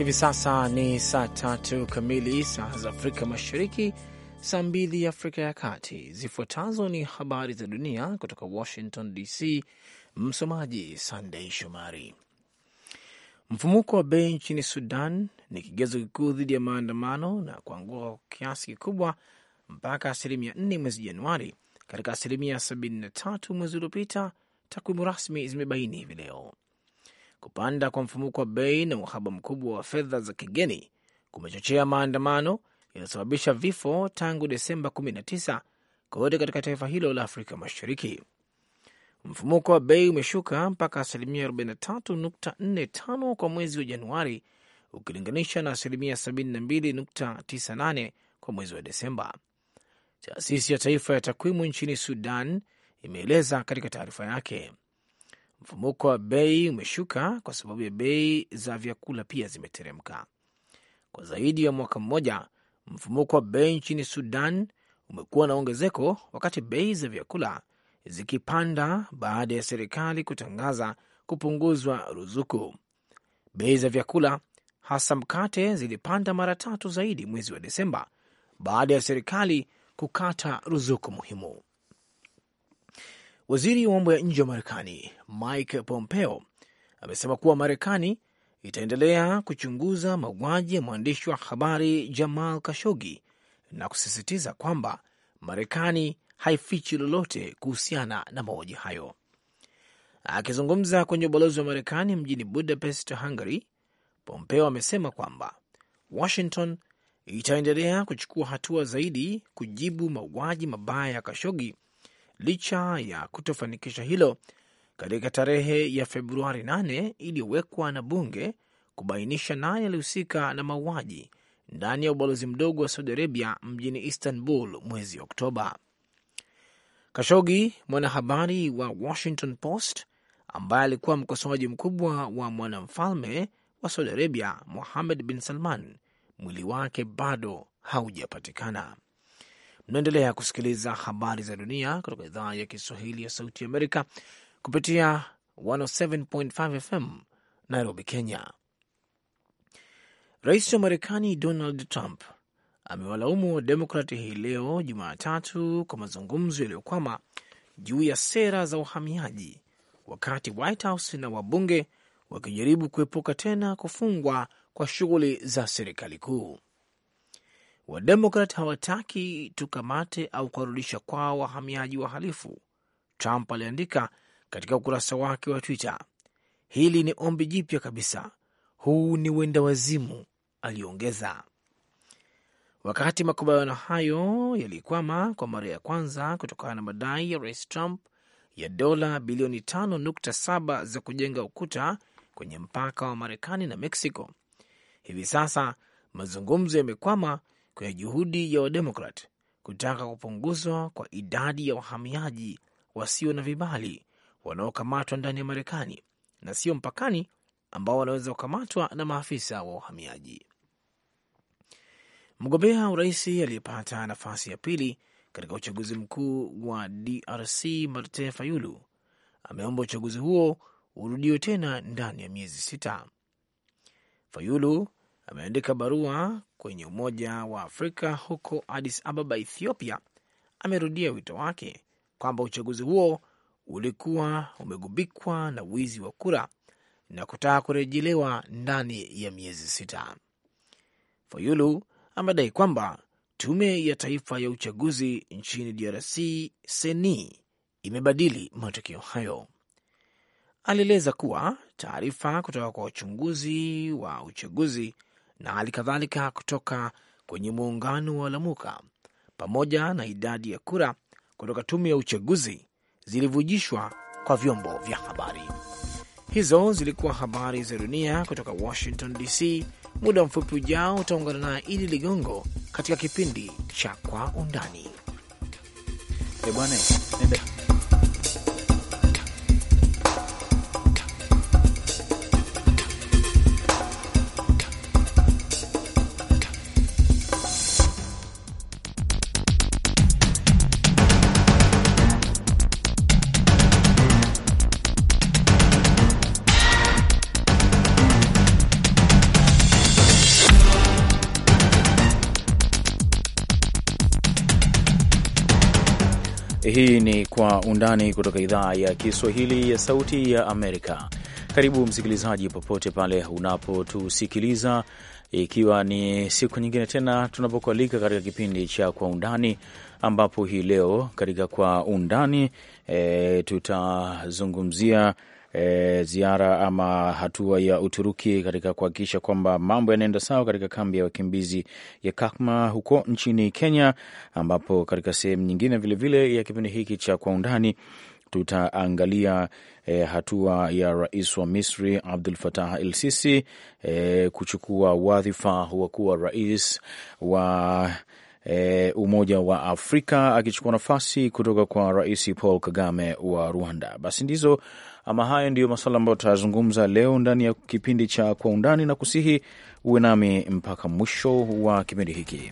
Hivi sasa ni saa tatu kamili saa za Afrika Mashariki, saa mbili Afrika ya Kati. Zifuatazo ni habari za dunia kutoka Washington DC. Msomaji Sandei Shomari. Mfumuko wa bei nchini Sudan ni kigezo kikuu dhidi ya maandamano na kuanguka kwa kiasi kikubwa mpaka asilimia 4 mwezi Januari katika asilimia tatu mwezi uliopita, takwimu rasmi zimebaini hivi leo. Kupanda kwa mfumuko wa bei na uhaba mkubwa wa fedha za kigeni kumechochea maandamano yanayosababisha vifo tangu Desemba 19 kote katika taifa hilo la Afrika Mashariki. Mfumuko wa bei umeshuka mpaka asilimia 43.45 kwa mwezi wa Januari ukilinganisha na asilimia 72.98 kwa mwezi wa Desemba. Taasisi ya Taifa ya Takwimu nchini Sudan imeeleza katika taarifa yake. Mfumuko wa bei umeshuka kwa sababu ya bei za vyakula pia zimeteremka. Kwa zaidi ya mwaka mmoja, mfumuko wa bei nchini Sudan umekuwa na ongezeko, wakati bei za vyakula zikipanda baada ya serikali kutangaza kupunguzwa ruzuku. Bei za vyakula hasa mkate zilipanda mara tatu zaidi mwezi wa Desemba baada ya serikali kukata ruzuku muhimu. Waziri wa mambo ya nje wa Marekani Mike Pompeo amesema kuwa Marekani itaendelea kuchunguza mauaji ya mwandishi wa habari Jamal Kashogi na kusisitiza kwamba Marekani haifichi lolote kuhusiana na mauaji hayo. Akizungumza kwenye ubalozi wa Marekani mjini Budapest, Hungary, Pompeo amesema kwamba Washington itaendelea kuchukua hatua zaidi kujibu mauaji mabaya ya Kashogi licha ya kutofanikisha hilo katika tarehe ya Februari 8 iliyowekwa na bunge kubainisha nani alihusika na mauaji ndani ya ubalozi mdogo wa Saudi Arabia mjini Istanbul mwezi Oktoba. Kashogi, mwanahabari wa Washington Post ambaye alikuwa mkosoaji mkubwa wa mwanamfalme wa Saudi Arabia Mohammed bin Salman, mwili wake bado haujapatikana. Mnaendelea kusikiliza habari za dunia kutoka idhaa ya Kiswahili ya Sauti Amerika kupitia 107.5 FM Nairobi, Kenya. Rais wa Marekani Donald Trump amewalaumu Wademokrati hii leo Jumatatu kwa mazungumzo yaliyokwama juu ya sera za uhamiaji, wakati White House na wabunge wakijaribu kuepuka tena kufungwa kwa shughuli za serikali kuu. Wademokrat hawataki tukamate au kuwarudisha kwao wahamiaji wahalifu, Trump aliandika katika ukurasa wake wa Twitter. Hili ni ombi jipya kabisa, huu ni wenda wazimu, aliongeza. Wakati makubaliano hayo yalikwama kwa mara ya kwanza kutokana na madai ya rais Trump ya dola bilioni 5.7 za kujenga ukuta kwenye mpaka wa Marekani na Mexico, hivi sasa mazungumzo yamekwama kuna juhudi ya Wademokrat kutaka kupunguzwa kwa idadi ya wahamiaji wasio na vibali wanaokamatwa ndani ya Marekani na sio mpakani, ambao wanaweza kukamatwa na maafisa wa uhamiaji. Mgombea urais aliyepata nafasi ya pili katika uchaguzi mkuu wa DRC Martin Fayulu ameomba uchaguzi huo urudiwe tena ndani ya miezi sita. Fayulu ameandika barua kwenye Umoja wa Afrika huko Addis Ababa, Ethiopia, amerudia wito wake kwamba uchaguzi huo ulikuwa umegubikwa na wizi wa kura na kutaka kurejelewa ndani ya miezi sita. Fayulu amedai kwamba tume ya taifa ya uchaguzi nchini DRC seni imebadili matokeo hayo. Alieleza kuwa taarifa kutoka kwa wachunguzi wa uchaguzi na hali kadhalika kutoka kwenye muungano wa Lamuka, pamoja na idadi ya kura kutoka tume ya uchaguzi zilivujishwa kwa vyombo vya habari. Hizo zilikuwa habari za dunia kutoka Washington DC. Muda mfupi ujao utaungana naye Idi Ligongo katika kipindi cha Kwa Undani. Hey, eh, bwana. Hii ni Kwa Undani kutoka idhaa ya Kiswahili ya Sauti ya Amerika. Karibu msikilizaji, popote pale unapotusikiliza, ikiwa ni siku nyingine tena tunapokualika katika kipindi cha Kwa Undani, ambapo hii leo katika Kwa Undani e, tutazungumzia e, ziara ama hatua ya Uturuki katika kuhakikisha kwamba mambo yanaenda sawa katika kambi ya wakimbizi ya Kakuma huko nchini Kenya, ambapo katika sehemu nyingine vilevile vile ya kipindi hiki cha Kwa Undani tutaangalia e, hatua ya rais wa Misri Abdul Fatah El Sisi e, kuchukua wadhifa wa kuwa rais wa E, Umoja wa Afrika akichukua nafasi kutoka kwa Rais Paul Kagame wa Rwanda. Basi ndizo ama hayo ndiyo masuala ambayo tutayazungumza leo ndani ya kipindi cha Kwa Undani, na kusihi uwe nami mpaka mwisho wa kipindi hiki.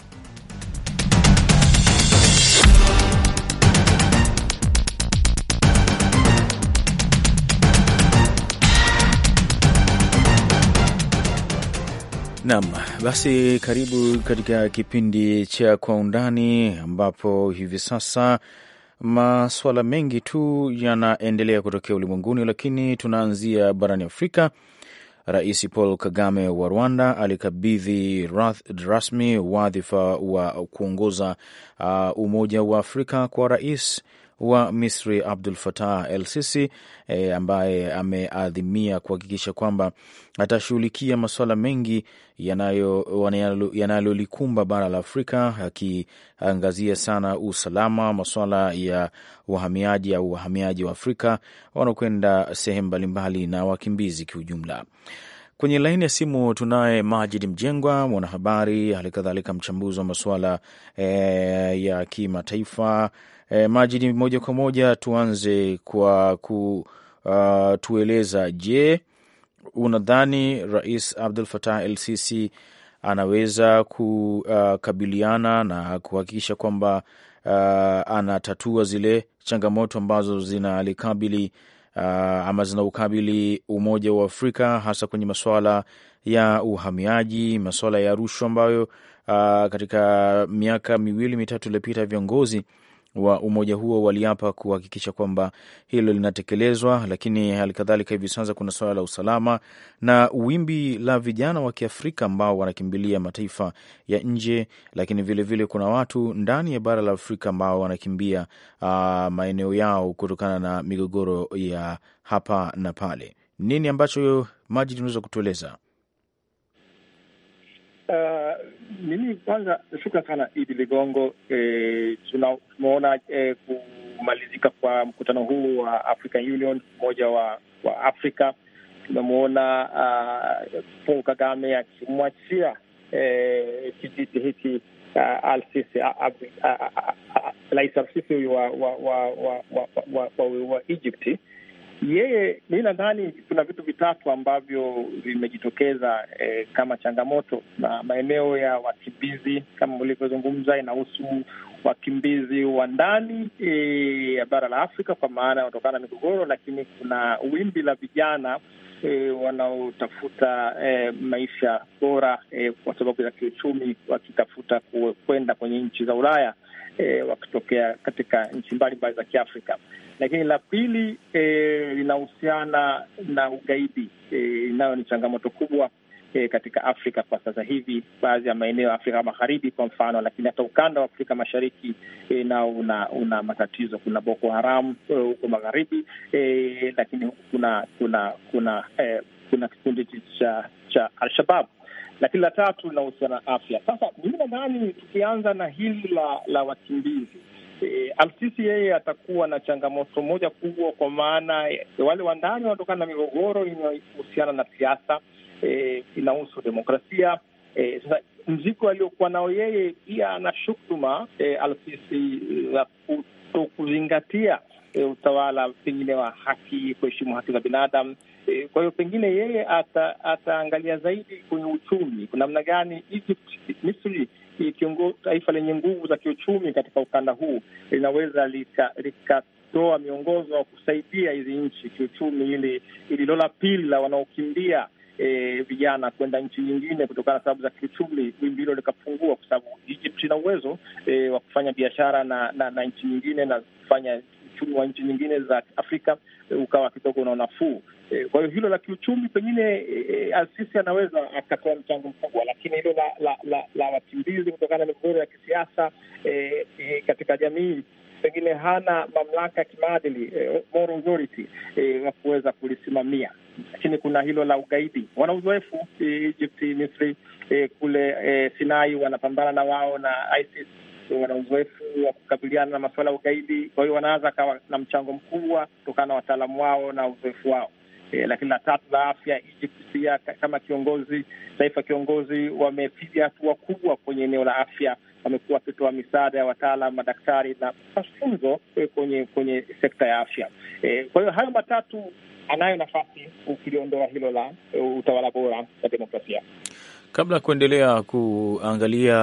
Nam, basi karibu katika kipindi cha Kwa Undani ambapo hivi sasa Maswala mengi tu yanaendelea kutokea ulimwenguni, lakini tunaanzia barani Afrika. Rais Paul Kagame wa Rwanda alikabidhi rasmi wadhifa wa kuongoza uh, Umoja wa Afrika kwa Rais wa Misri Abdul Fatah El Sisi e, ambaye ameadhimia kuhakikisha kwamba atashughulikia masuala mengi yanalolikumba bara la Afrika, akiangazia sana usalama, masuala ya uhamiaji au wahamiaji wa Afrika wanaokwenda sehemu mbalimbali na wakimbizi kiujumla. Kwenye laini ya simu tunaye Majid Mjengwa, mwanahabari, halikadhalika mchambuzi wa masuala e, ya kimataifa E, eh, Majidi, moja kwa moja tuanze kwa kutueleza, ah, je, unadhani Rais Abdul Fatah El Sisi anaweza kukabiliana ah, na kuhakikisha kwamba uh, anatatua zile changamoto ambazo zinalikabili uh, ama zinaukabili Umoja wa Afrika hasa kwenye masuala ya uhamiaji, masuala ya rushwa ambayo uh, katika miaka miwili mitatu iliyopita viongozi wa umoja huo waliapa kuhakikisha kwamba hilo linatekelezwa, lakini halikadhalika hivi sasa kuna suala la usalama na wimbi la vijana wa Kiafrika ambao wanakimbilia mataifa ya nje, lakini vilevile vile kuna watu ndani ya bara la Afrika ambao wanakimbia uh, maeneo yao kutokana na migogoro ya hapa na pale. Nini ambacho Majid unaweza kutueleza? Uh, mimi kwanza shukran sana Idi Ligongo. Eh, tumeona eh, kumalizika kwa mkutano huu wa African Union mmoja wa, wa Afrika. Tumemwona uh, ah, Paul Kagame akimwachia eh, kijiti hiki ah, Al-Sisi, Rais Al-Sisi huyu wa, wa, wa, wa, wa, wa, wa, wa Egypti yeye, mi nadhani kuna vitu vitatu ambavyo vimejitokeza eh, kama changamoto na maeneo ya wakimbizi kama ulivyozungumza, inahusu wakimbizi wa ndani eh, ya bara la Afrika kwa maana yanatokana na migogoro, lakini kuna wimbi la vijana E, wanaotafuta e, maisha bora e, kwa sababu za kiuchumi wakitafuta kwenda kwenye nchi za Ulaya e, eh, wakitokea katika nchi mbalimbali za Kiafrika. Lakini la pili eh, linahusiana na ugaidi e, inayo ni changamoto kubwa e, katika Afrika kwa sasa hivi, baadhi ya maeneo ya Afrika Magharibi kwa mfano, lakini hata ukanda wa Afrika Mashariki e, nao una, una matatizo. Kuna Boko Haram huko e, magharibi e, lakini kuna kuna kuna e, kuna kikundi cha cha Alshabab lakini la tatu linahusiana na afya. Sasa mimi nadhani tukianza na hili la la wakimbizi e, al yeye atakuwa na changamoto moja kubwa, kwa maana e, wale wa ndani wanatokana na migogoro inayohusiana na siasa e, inahusu demokrasia e, sasa mzigo aliyokuwa nao yeye pia ana shutuma e, al za kutokuzingatia e, utawala pengine wa haki, kuheshimu haki za binadamu E, kwa hiyo pengine yeye ata, ataangalia zaidi kwenye uchumi namna gani Egypt, Misri eh, taifa lenye nguvu za kiuchumi katika ukanda huu linaweza likatoa lika miongozo wa kusaidia hizi nchi kiuchumi, ili ili dola pili la wanaokimbia E, vijana kwenda nchi nyingine kutokana na sababu za kiuchumi, wimbi hilo likapungua, kwa sababu Egypt ina uwezo e, wa kufanya biashara na, na, na nchi nyingine na kufanya uchumi wa nchi nyingine za Afrika eh, ukawa kidogo na nafuu. Eh, kwa hiyo hilo la kiuchumi pengine e, Asisi anaweza akatoa mchango mkubwa, lakini hilo la la, la, la wakimbizi kutokana na migogoro ya kisiasa e, e, katika jamii pengine hana mamlaka ya kimaadili e, moral authority e, kuweza kulisimamia. Lakini kuna hilo la ugaidi, wana uzoefu Egypt, Misri e, kule e, Sinai wanapambana na wao na ISIS wana uzoefu wa kukabiliana na masuala ya ugaidi, kwa hiyo wanaanza kawa na mchango mkubwa kutokana na wataalamu wao na uzoefu wao. E, lakini la tatu la afya, Egypt pia kama kiongozi taifa kiongozi wamepiga hatua kubwa kwenye eneo la afya. Wamekuwa wakitoa misaada ya wataalam, madaktari na mafunzo eh, kwenye kwenye sekta ya afya. E, kwa hiyo hayo matatu anayo nafasi ukiliondoa hilo la utawala bora na demokrasia. Kabla ya kuendelea kuangalia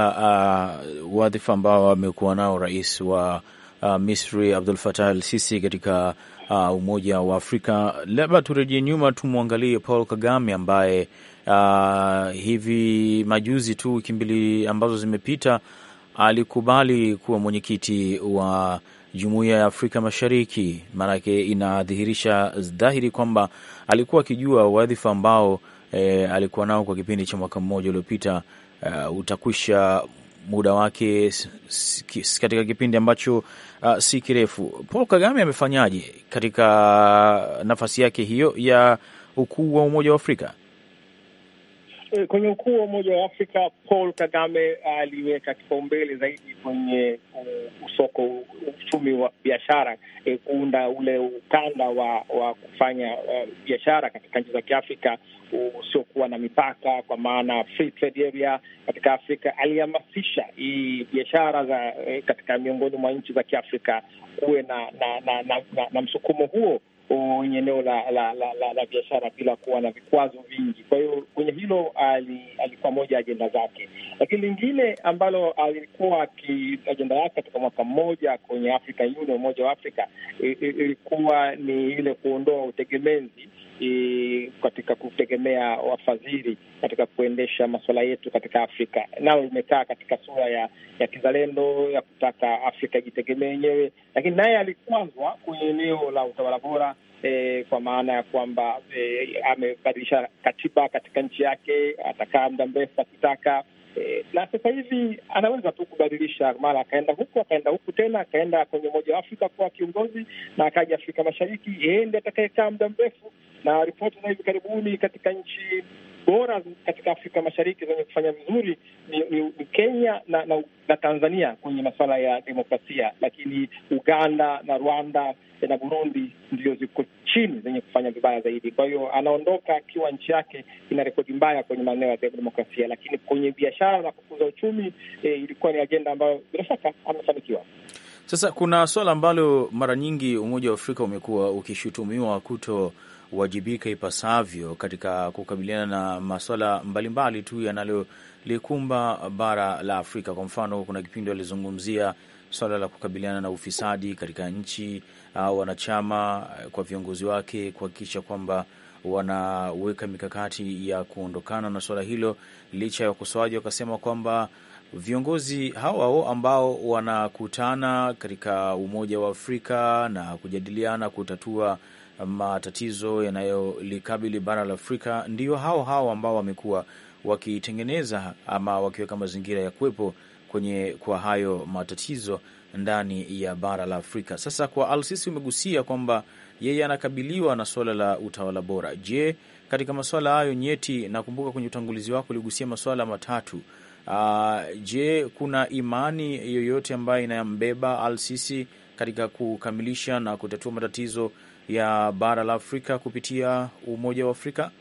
uh, wadhifa ambao amekuwa nao rais wa uh, Misri Abdul Fatah al Sisi katika uh, Umoja wa Afrika, labda turejee nyuma tumwangalie Paul Kagame ambaye uh, hivi majuzi tu, wiki mbili ambazo zimepita, alikubali kuwa mwenyekiti wa Jumuiya ya Afrika Mashariki. Maanake inadhihirisha dhahiri kwamba alikuwa akijua wadhifa ambao e, alikuwa nao kwa kipindi cha mwaka mmoja uliopita uh, utakwisha muda wake katika kipindi ambacho uh, si kirefu. Paul Kagame amefanyaje katika nafasi yake hiyo ya ukuu wa Umoja wa Afrika? Eh, kwenye ukuu wa Umoja wa Afrika, Paul Kagame aliweka kipaumbele zaidi kwenye uh, usoko uchumi wa biashara eh, kuunda ule ukanda wa wa kufanya uh, biashara katika nchi za Kiafrika usiokuwa na mipaka, kwa maana free trade area katika Afrika. Alihamasisha hii biashara za eh, katika miongoni mwa nchi za Kiafrika kuwe na na, na, na, na, na msukumo huo kwenye eneo la la, la, la, la biashara bila kuwa na vikwazo vingi. Kwa hiyo kwenye hilo alikuwa moja ajenda zake, lakini lingine ambalo alikuwa ajenda yake katika mwaka mmoja kwenye Afrika Union, Umoja wa Afrika, ilikuwa ni ile kuondoa utegemezi i, katika kutegemea wafadhili katika kuendesha masuala yetu katika Afrika, nalo limekaa katika sura ya ya kizalendo ya kutaka Afrika ijitegemee yenyewe, lakini naye alikwazwa kwenye eneo la utawala bora e, kwa maana ya kwamba e, amebadilisha katiba katika nchi yake, atakaa muda mrefu akitaka Eh, na sasa hivi anaweza tu kubadilisha, mara akaenda huku akaenda huku tena akaenda kwenye umoja wa Afrika kuwa kiongozi na akaja Afrika Mashariki, yeye ndiye atakayekaa muda mrefu, na ripoti za hivi karibuni katika nchi bora katika Afrika Mashariki zenye kufanya vizuri ni, ni, ni Kenya na, na, na Tanzania kwenye masuala ya demokrasia, lakini Uganda na Rwanda na Burundi ndio ziko chini zenye kufanya vibaya zaidi. Kwa hiyo anaondoka akiwa nchi yake ina rekodi mbaya kwenye maeneo ya demokrasia, lakini kwenye biashara na kukuza uchumi e, ilikuwa ni ajenda ambayo bila shaka amefanikiwa. Sasa kuna swala ambalo mara nyingi Umoja wa Afrika umekuwa ukishutumiwa kuto kuwajibika ipasavyo katika kukabiliana na maswala mbalimbali tu yanalolikumba bara la Afrika. Kwa mfano, kuna kipindi walizungumzia swala la kukabiliana na ufisadi katika nchi au uh, wanachama uh, kwa viongozi wake kuhakikisha kwamba wanaweka mikakati ya kuondokana na swala hilo, licha ya wakosoaji wakasema kwamba viongozi hawao ambao wanakutana katika Umoja wa Afrika na kujadiliana kutatua matatizo yanayolikabili bara la Afrika ndiyo hao hao ambao wamekuwa wakitengeneza ama wakiweka mazingira ya kuwepo kwenye kwa hayo matatizo ndani ya bara la Afrika. Sasa kwa Alsisi umegusia kwamba yeye anakabiliwa na suala la utawala bora. Je, katika masuala hayo nyeti, nakumbuka kwenye utangulizi wako uligusia masuala matatu. Uh, je, kuna imani yoyote ambayo inayambeba Alsisi katika kukamilisha na kutatua matatizo ya bara la Afrika kupitia Umoja wa Afrika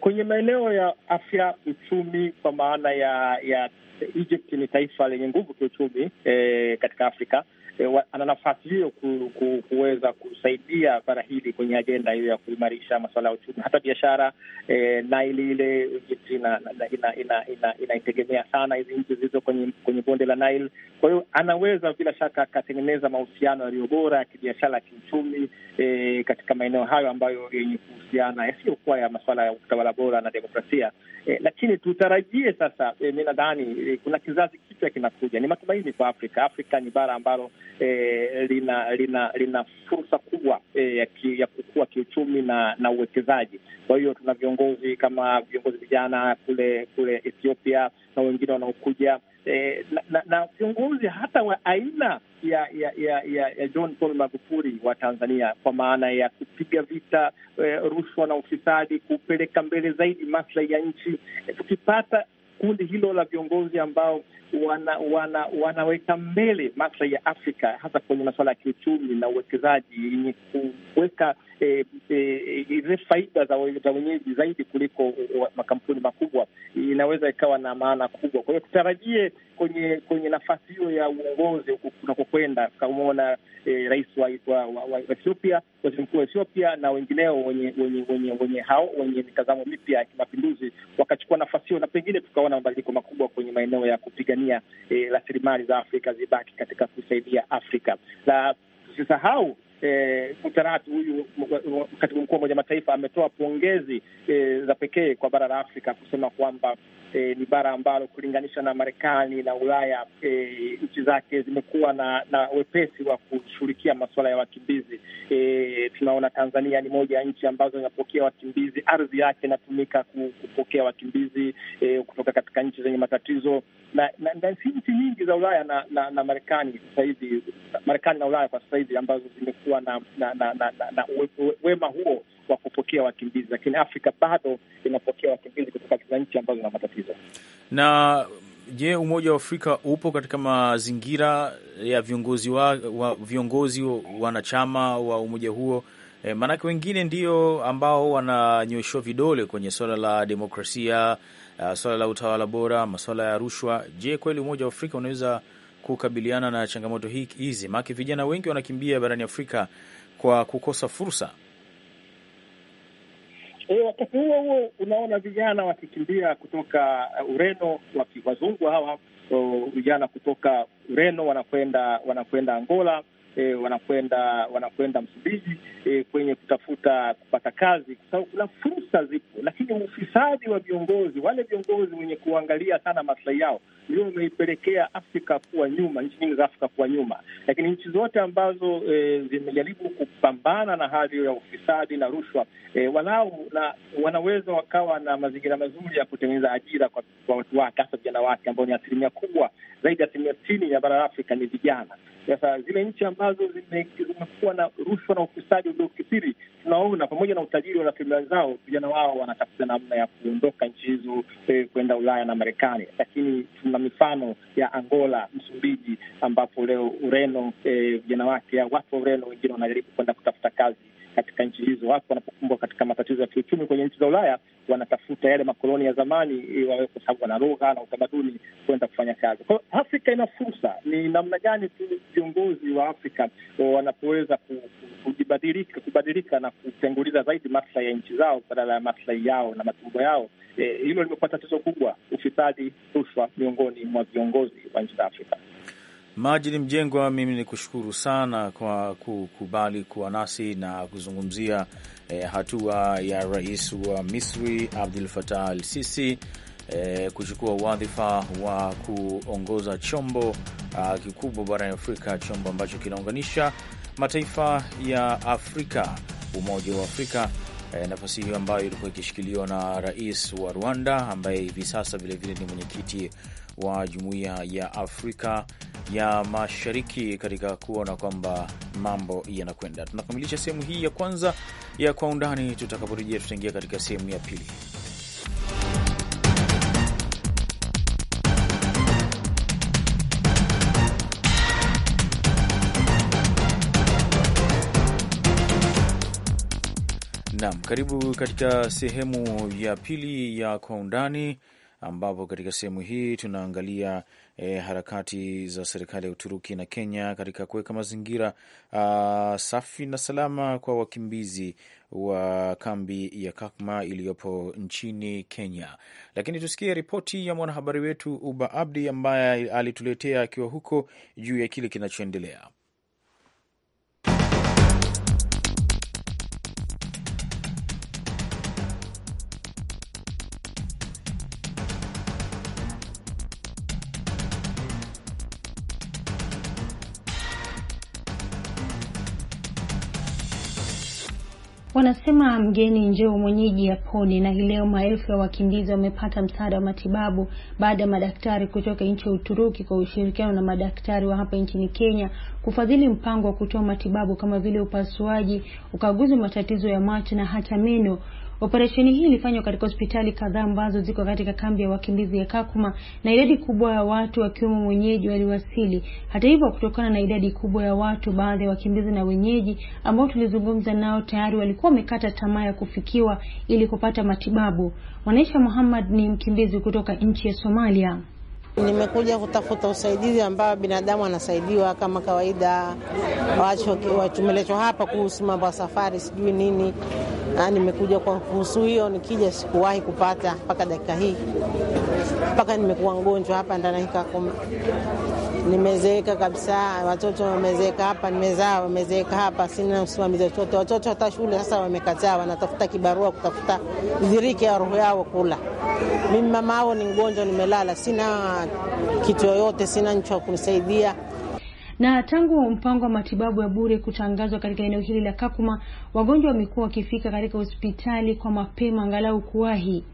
kwenye maeneo ya afya, uchumi, kwa maana ya ya Egypt ni taifa lenye nguvu kiuchumi e, katika Afrika e, ana nafasi hiyo ku, ku, kuweza kusaidia bara hili kwenye ajenda hiyo ya kuimarisha masuala ya uchumi, hata biashara e, na ili ile Egypt inaitegemea sana hizi nchi zilizo kwenye, kwenye bonde la Nile. Kwa hiyo anaweza bila shaka akatengeneza mahusiano yaliyo bora ya kibiashara ya kiuchumi e, katika maeneo hayo ambayo yenye kuhusiana yasiyokuwa ya masuala ya utawala bora na demokrasia e, lakini tutarajie sasa e, mi nadhani e, kuna kizazi kipya kinakuja. Ni matumaini kwa Afrika. Afrika ni bara ambalo eh, lina lina lina fursa kubwa eh, ya, ki, ya kukua kiuchumi na na uwekezaji. Kwa hiyo tuna viongozi kama viongozi vijana kule kule Ethiopia na wengine wanaokuja eh, na, na, na viongozi hata wa aina ya ya ya, ya, ya John Paul Magufuli wa Tanzania kwa maana ya kupiga vita eh, rushwa na ufisadi, kupeleka mbele zaidi maslahi ya nchi eh, tukipata kundi hilo la viongozi ambao wana, wana, wanaweka mbele maslahi ya Afrika hasa kwenye masuala ya kiuchumi na uwekezaji yenye kuweka eh, eh, faida za wenyeji zaidi kuliko uh, makampuni makubwa, inaweza ikawa na maana kubwa. Kwa hiyo tutarajie kwenye kwenye nafasi hiyo ya uongozi unakokwenda, kamwona eh, rais wa, wa, wa, wa Ethiopia mkuu wa Ethiopia na wengineo wenye wenye wenye wenye hao wenye mitazamo mipya ya kimapinduzi wakachukua nafasi hiyo, na pengine tukaona mabadiliko makubwa kwenye maeneo ya kupigania eh, rasilimali e, za Afrika zibaki katika kusaidia Afrika na tusisahau eh, Guterres huyu katibu mkuu wa Umoja Mataifa ametoa pongezi eh, za pekee kwa bara la Afrika kusema kwamba E, ni bara ambalo kulinganisha na Marekani na Ulaya e, nchi zake zimekuwa na, na wepesi wa kushughulikia masuala ya wakimbizi E, tunaona Tanzania ni moja ya nchi ambazo inapokea wakimbizi, ardhi yake inatumika kupokea wakimbizi e, kutoka katika nchi zenye matatizo na, na, na nchi nyingi za Ulaya na, na, na Marekani sasa hivi Marekani na Ulaya kwa sasa hivi ambazo zimekuwa kuwa na na, na, na, na, na wema huo wa kupokea wakimbizi, lakini Afrika bado inapokea wakimbizi kutoka katika nchi ambazo zina matatizo. Na je, Umoja wa Afrika upo katika mazingira ya viongozi wa, wa viongozi wanachama wa umoja huo? E, maanake wengine ndio ambao wananyoshwa vidole kwenye suala la demokrasia, eh, swala suala la utawala bora, masuala ya rushwa. Je, kweli Umoja wa Afrika unaweza kukabiliana na changamoto hizi, maana vijana wengi wanakimbia barani Afrika kwa kukosa fursa. E, wakati huo huo unaona vijana wakikimbia kutoka uh, Ureno, wazungu hawa uh, vijana kutoka Ureno wanakwenda wanakwenda Angola e, wanakwenda wanakwenda Msumbiji e, kwenye kutafuta kupata kazi, kwa sababu kuna fursa zipo, lakini ufisadi wa viongozi wale viongozi wenye kuangalia sana maslahi yao ndio umeipelekea Afrika kuwa nyuma, nchi nyingi za Afrika kuwa nyuma. Lakini nchi zote ambazo e, zimejaribu kupambana na hali ya ufisadi na rushwa e, walau na, wanaweza wakawa na mazingira mazuri ya kutengeneza ajira kwa, kwa watu wake, hasa vijana wake ambao ni asilimia kubwa, zaidi ya asilimia sitini ya bara la Afrika ni vijana. Sasa zile nchi ambazo zimekuwa na rushwa na ufisadi uliokithiri, tunaona pamoja na utajiri wa rasilimali zao, vijana wao wanatafuta namna ya kuondoka nchi hizo eh, kwenda Ulaya na Marekani. Lakini tuna mifano ya Angola, Msumbiji, ambapo leo Ureno e, vijana eh, wake, watu wa Ureno wengine wanajaribu kwenda kutafuta kazi katika nchi hizo. Watu wanapokumbwa katika matatizo ya kiuchumi kwenye nchi za Ulaya, wanatafuta yale makoloni ya zamani wawe, kwa sababu wana lugha na utamaduni, kwenda kufanya kazi. kwao. Afrika ina fursa. Ni namna gani tu viongozi wa Afrika eh, wanapoweza kujibadilika, kubadilika na kutenguliza zaidi maslahi ya nchi zao badala ya maslahi yao na matumbo yao. Eh, hilo e, limekuwa tatizo kubwa, ufisadi, rushwa miongoni mwa viongozi wa nchi za Afrika. Majini Mjengwa, mimi ni kushukuru sana kwa kukubali kuwa nasi na kuzungumzia eh, hatua ya rais wa Misri Abdul Fatah al Sisi eh, kuchukua wadhifa wa kuongoza chombo ah, kikubwa barani Afrika, chombo ambacho kinaunganisha mataifa ya Afrika, Umoja wa Afrika E, nafasi hiyo ambayo ilikuwa ikishikiliwa na rais wa Rwanda ambaye hivi sasa vilevile ni mwenyekiti wa Jumuiya ya Afrika ya Mashariki katika kuona kwamba mambo yanakwenda. Tunakamilisha sehemu hii ya kwanza ya Kwa Undani. Tutakaporejea tutaingia katika sehemu ya pili. Naam, karibu katika sehemu ya pili ya kwa undani ambapo katika sehemu hii tunaangalia e, harakati za serikali ya Uturuki na Kenya katika kuweka mazingira a, ah, safi na salama kwa wakimbizi wa kambi ya Kakuma iliyopo nchini Kenya. Lakini tusikie ripoti ya mwanahabari wetu Uba Abdi ambaye alituletea akiwa huko juu ya kile kinachoendelea. Wanasema mgeni njoo mwenyeji yaponi, na leo maelfu ya wakimbizi wamepata msaada wa matibabu baada ya madaktari kutoka nchi ya Uturuki kwa ushirikiano na madaktari wa hapa nchini Kenya kufadhili mpango wa kutoa matibabu kama vile upasuaji, ukaguzi wa matatizo ya macho na hata meno Operesheni hii ilifanywa katika hospitali kadhaa ambazo ziko katika kambi ya wakimbizi ya Kakuma na idadi kubwa ya watu wakiwemo wenyeji waliwasili. Hata hivyo, kutokana na idadi kubwa ya watu, baadhi ya wakimbizi na wenyeji ambao tulizungumza nao tayari walikuwa wamekata tamaa ya kufikiwa ili kupata matibabu. Mwanaisha Muhammad ni mkimbizi kutoka nchi ya Somalia. Nimekuja kutafuta usaidizi ambao binadamu anasaidiwa kama kawaida, wachumelechwa hapa kuhusu mambo ya safari, sijui nini. Nimekuja kwa kuhusu hiyo, nikija sikuwahi kupata mpaka dakika hii, mpaka nimekuwa mgonjwa hapa ndani hikakoma Nimezeeka kabisa, watoto wamezeeka hapa, nimezaa wamezeeka hapa, sina msimamizi watoto. Watoto hata shule sasa wamekataa, wanatafuta kibarua kutafuta dhiriki ya roho yao kula. Mimi mama ao ni mgonjwa, nimelala, sina kitu yoyote, sina nchi wa kunisaidia na tangu mpango wa matibabu ya bure kutangazwa katika eneo hili la Kakuma, wagonjwa wamekuwa wakifika katika hospitali kwa mapema, angalau kuwahi.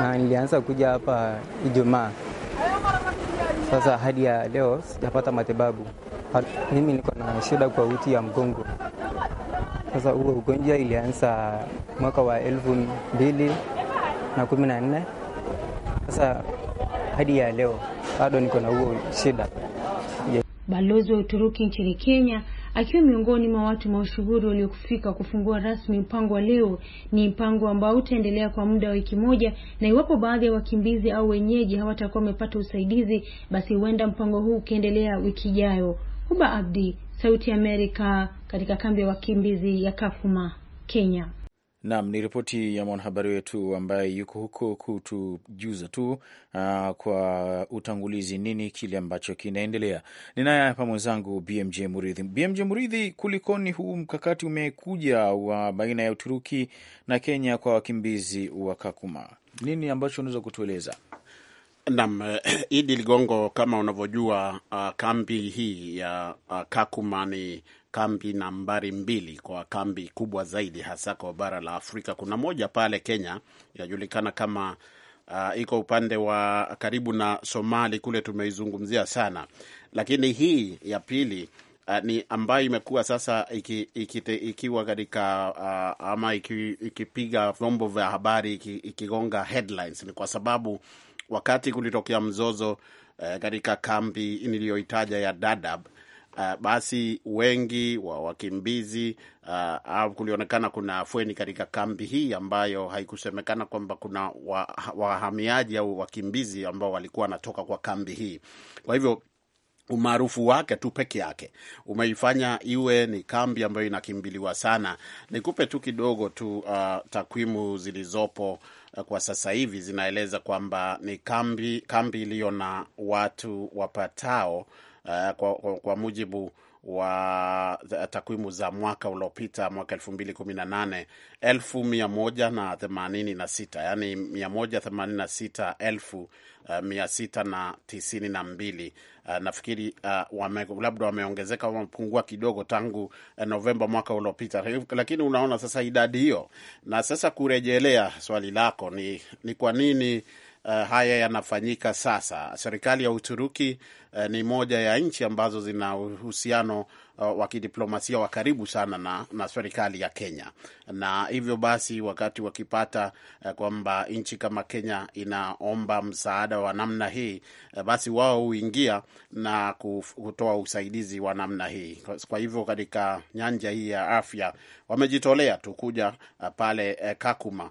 Na nilianza kuja hapa Ijumaa sasa hadi ya leo sijapata matibabu. Mimi niko na shida kwa uti ya mgongo. Sasa huo ugonjwa ilianza mwaka wa elfu mbili na kumi na nne. Sasa hadi ya leo bado niko na huo shida. Balozi wa Uturuki nchini Kenya Akiwa miongoni mwa watu mashuhuri waliofika kufungua rasmi mpango wa leo. Ni mpango ambao utaendelea kwa muda wa wiki moja, na iwapo baadhi ya wakimbizi au wenyeji hawatakuwa wamepata usaidizi, basi huenda mpango huu ukiendelea wiki ijayo. Huba Abdi, Sauti ya Amerika, katika kambi ya wakimbizi ya kafuma Kenya. Nam, ni ripoti ya mwanahabari wetu ambaye yuko huko kutujuza tu uh, kwa utangulizi nini kile ambacho kinaendelea. Ni naye hapa mwenzangu BMJ Muridhi. BMJ Muridhi, kulikoni huu mkakati umekuja wa baina ya Uturuki na Kenya kwa wakimbizi wa Kakuma? Nini ambacho unaweza kutueleza? Naam, eh, Idi Ligongo, kama unavyojua, uh, kambi hii ya uh, Kakuma ni kambi nambari mbili kwa kambi kubwa zaidi hasa kwa bara la Afrika. Kuna moja pale Kenya inajulikana kama uh, iko upande wa karibu na Somali kule, tumeizungumzia sana, lakini hii ya pili Uh, ni ambayo imekuwa sasa iki, ikite, ikiwa katika uh, ama iki, ikipiga vyombo vya habari ikigonga headlines ni kwa sababu wakati kulitokea mzozo eh, katika kambi niliyoitaja ya Dadaab uh, basi wengi wa wakimbizi uh, kulionekana kuna afueni katika kambi hii ambayo haikusemekana kwamba kuna wahamiaji wa au wakimbizi ambao walikuwa wanatoka kwa kambi hii. Kwa hivyo umaarufu wake tu peke yake umeifanya iwe ni kambi ambayo inakimbiliwa sana. Nikupe tu kidogo tu uh, takwimu zilizopo uh, kwa sasa hivi zinaeleza kwamba ni kambi kambi iliyo na watu wapatao uh, kwa, kwa, kwa mujibu wa uh, takwimu za mwaka uliopita mwaka elfu mbili kumi na nane elfu mia moja na themanini na sita yani mia moja themanini na sita elfu uh, mia sita na tisini na mbili uh, nafikiri uh, wame, labda wameongezeka wamepungua kidogo tangu uh, Novemba mwaka uliopita, lakini unaona sasa idadi hiyo. Na sasa kurejelea swali lako ni, ni kwa nini uh, haya yanafanyika sasa. Serikali ya Uturuki uh, ni moja ya nchi ambazo zina uhusiano uh, wa kidiplomasia wa karibu sana na, na serikali ya Kenya, na hivyo basi wakati wakipata uh, kwamba nchi kama Kenya inaomba msaada wa namna hii uh, basi wao huingia na kutoa usaidizi wa namna hii. Kwa hivyo katika nyanja hii ya afya wamejitolea tu kuja uh, pale uh, Kakuma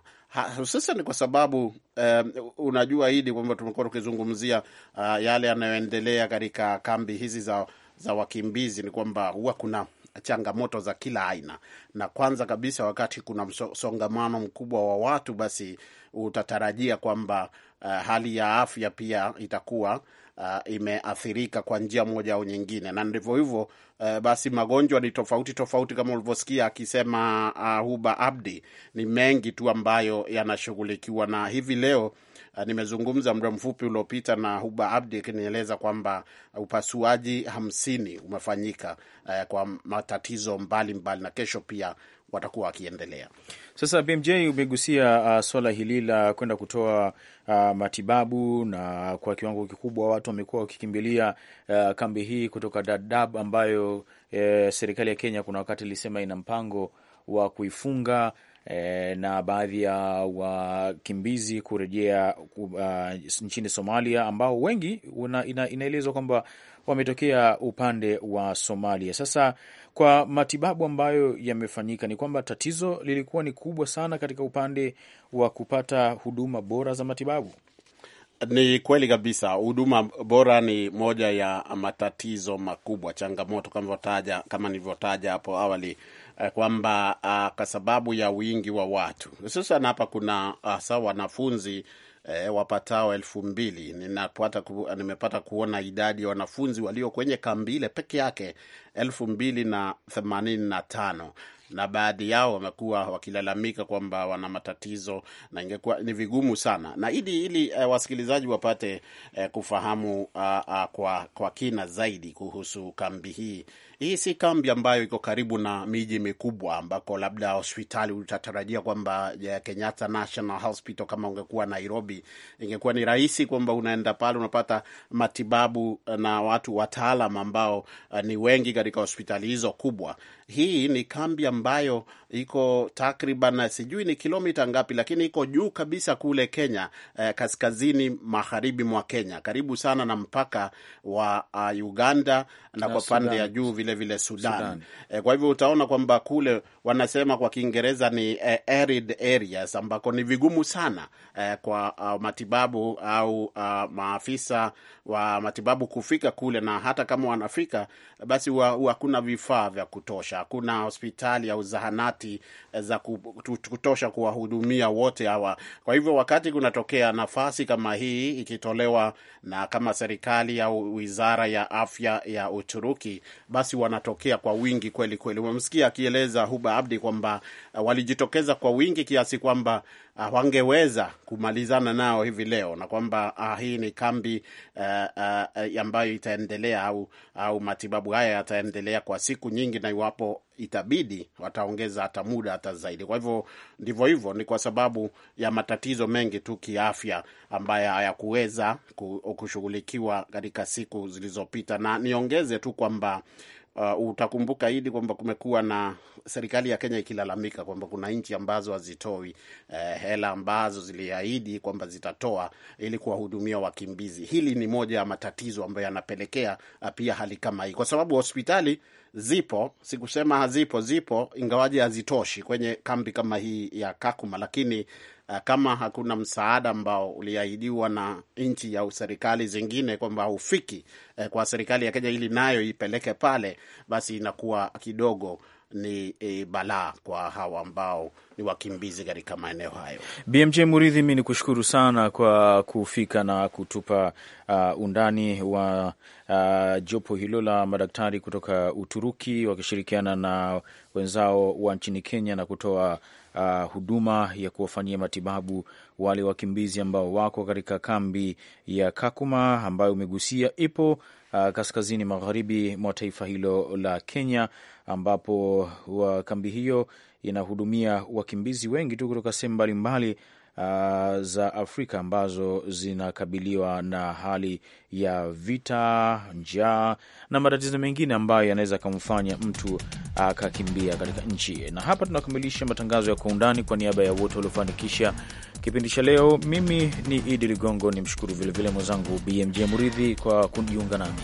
hususan kwa sababu um, unajua hili kwamba tumekuwa tukizungumzia uh, yale yanayoendelea katika kambi hizi za, za wakimbizi ni kwamba huwa kuna changamoto za kila aina, na kwanza kabisa, wakati kuna msongamano mkubwa wa watu, basi utatarajia kwamba uh, hali ya afya pia itakuwa uh, imeathirika kwa njia moja au nyingine, na ndivyo hivyo. Uh, basi magonjwa ni tofauti tofauti kama ulivyosikia akisema uh, Huba Abdi, ni mengi tu ambayo yanashughulikiwa na hivi leo Uh, nimezungumza muda mfupi uliopita na Huba Abdi akinieleza kwamba upasuaji hamsini umefanyika uh, kwa matatizo mbalimbali mbali, na kesho pia watakuwa wakiendelea. Sasa BMJ umegusia uh, swala hili la kwenda kutoa uh, matibabu na kwa kiwango kikubwa watu wamekuwa wakikimbilia uh, kambi hii kutoka Dadaab ambayo uh, serikali ya Kenya kuna wakati ilisema ina mpango wa kuifunga E, na baadhi ya wakimbizi kurejea uh, nchini Somalia ambao wengi ina, inaelezwa kwamba wametokea upande wa Somalia. Sasa kwa matibabu ambayo yamefanyika ni kwamba tatizo lilikuwa ni kubwa sana katika upande wa kupata huduma bora za matibabu. Ni kweli kabisa, huduma bora ni moja ya matatizo makubwa, changamoto kama, kama nilivyotaja hapo awali eh, kwamba ah, kwa sababu ya wingi wa watu hususan hapa kuna hasa ah, wanafunzi e, wapatao elfu mbili. Ninapata ku, nimepata kuona idadi ya wanafunzi walio kwenye kambi ile peke yake elfu mbili na themanini na tano na baadhi yao wamekuwa wakilalamika kwamba wana matatizo na ingekuwa ni vigumu sana na ili, ili eh, e, wasikilizaji wapate e, kufahamu a, ah, a, ah, kwa, kwa kina zaidi kuhusu kambi hii hii si kambi ambayo iko karibu na miji mikubwa ambako labda hospitali utatarajia kwamba Kenyatta National Hospital kama ungekuwa Nairobi, ingekuwa ni rahisi kwamba unaenda pale unapata matibabu na watu wataalam ambao eh, ni wengi katika hospitali hizo kubwa. Hii ni kambi ambayo iko takriban, eh, sijui ni kilomita ngapi, lakini iko juu kabisa kule Kenya, eh, kaskazini magharibi mwa Kenya, karibu sana na mpaka wa uh, Uganda na, na kwa pande ya juu vile vilevile Sudan, Sudan. E, kwa hivyo utaona kwamba kule wanasema kwa Kiingereza ni eh, arid areas ambako ni vigumu sana eh, kwa uh, matibabu au uh, maafisa wa matibabu kufika kule, na hata kama wanafika basi hakuna vifaa vya kutosha, hakuna hospitali au zahanati eh, za kutosha kuwahudumia wote hawa. Kwa hivyo wakati kunatokea nafasi kama hii ikitolewa na kama serikali au wizara ya afya ya Uturuki basi wanatokea kwa wingi kweli kweli. Umemsikia akieleza Huba Abdi kwamba uh, walijitokeza kwa wingi kiasi kwamba uh, wangeweza kumalizana nao hivi leo na kwamba uh, hii ni kambi uh, uh, ambayo itaendelea au, au matibabu haya yataendelea kwa siku nyingi, na iwapo itabidi wataongeza hata muda hata zaidi. Kwa hivyo ndivyo hivyo, ni kwa sababu ya matatizo mengi tu kiafya ambayo hayakuweza kushughulikiwa katika siku zilizopita, na niongeze tu kwamba Uh, utakumbuka hili kwamba kumekuwa na serikali ya Kenya ikilalamika kwamba kuna nchi ambazo hazitoi eh, hela ambazo ziliahidi kwamba zitatoa ili kuwahudumia wakimbizi. Hili ni moja ya matatizo ambayo yanapelekea uh, pia hali kama hii, kwa sababu hospitali zipo, sikusema hazipo, zipo, ingawaji hazitoshi kwenye kambi kama hii ya Kakuma, lakini Eh, kama hakuna msaada ambao uliahidiwa na nchi au serikali zingine kwamba haufiki eh, kwa serikali ya Kenya ili nayo ipeleke pale, basi inakuwa kidogo ni e, balaa kwa hawa ambao ni wakimbizi katika maeneo hayo. BMJ Muridhi, mi ni kushukuru sana kwa kufika na kutupa uh, undani wa uh, jopo hilo la madaktari kutoka Uturuki wakishirikiana na wenzao wa nchini Kenya na kutoa uh, huduma ya kuwafanyia matibabu wale wakimbizi ambao wako katika kambi ya Kakuma ambayo umegusia ipo uh, kaskazini magharibi mwa taifa hilo la Kenya, ambapo uh, kambi hiyo inahudumia wakimbizi wengi tu kutoka sehemu mbalimbali uh, za Afrika ambazo zinakabiliwa na hali ya vita, njaa na matatizo mengine ambayo yanaweza akamfanya mtu akakimbia uh, katika nchi. Na hapa tunakamilisha matangazo ya Kwa Undani. Kwa niaba ya wote waliofanikisha kipindi cha leo, mimi ni Idi Ligongo, ni mshukuru vilevile mwenzangu BMJ Muridhi kwa kujiunga nami.